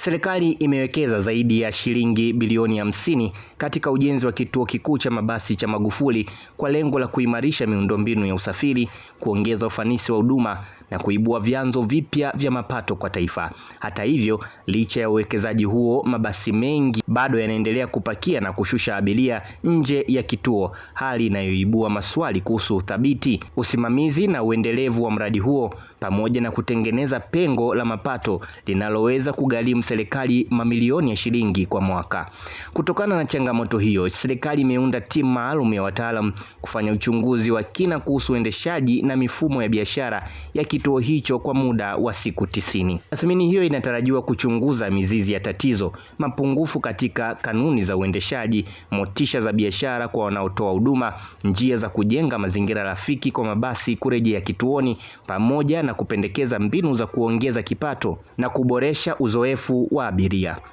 Serikali imewekeza zaidi ya shilingi bilioni 50 katika ujenzi wa kituo kikuu cha mabasi cha Magufuli kwa lengo la kuimarisha miundombinu ya usafiri, kuongeza ufanisi wa huduma na kuibua vyanzo vipya vya mapato kwa taifa. Hata hivyo, licha ya uwekezaji huo, mabasi mengi bado yanaendelea kupakia na kushusha abiria nje ya kituo, hali inayoibua maswali kuhusu uthabiti, usimamizi na uendelevu wa mradi huo pamoja na kutengeneza pengo la mapato linaloweza kugharimu serikali mamilioni ya shilingi kwa mwaka. Kutokana na changamoto hiyo, serikali imeunda timu maalum ya wataalam kufanya uchunguzi wa kina kuhusu uendeshaji na mifumo ya biashara ya kituo hicho kwa muda wa siku tisini. Tathmini hiyo inatarajiwa kuchunguza mizizi ya tatizo, mapungufu katika kanuni za uendeshaji, motisha za biashara kwa wanaotoa huduma, njia za kujenga mazingira rafiki kwa mabasi kurejea kituoni, pamoja na kupendekeza mbinu za kuongeza kipato na kuboresha uzoefu au Abiria.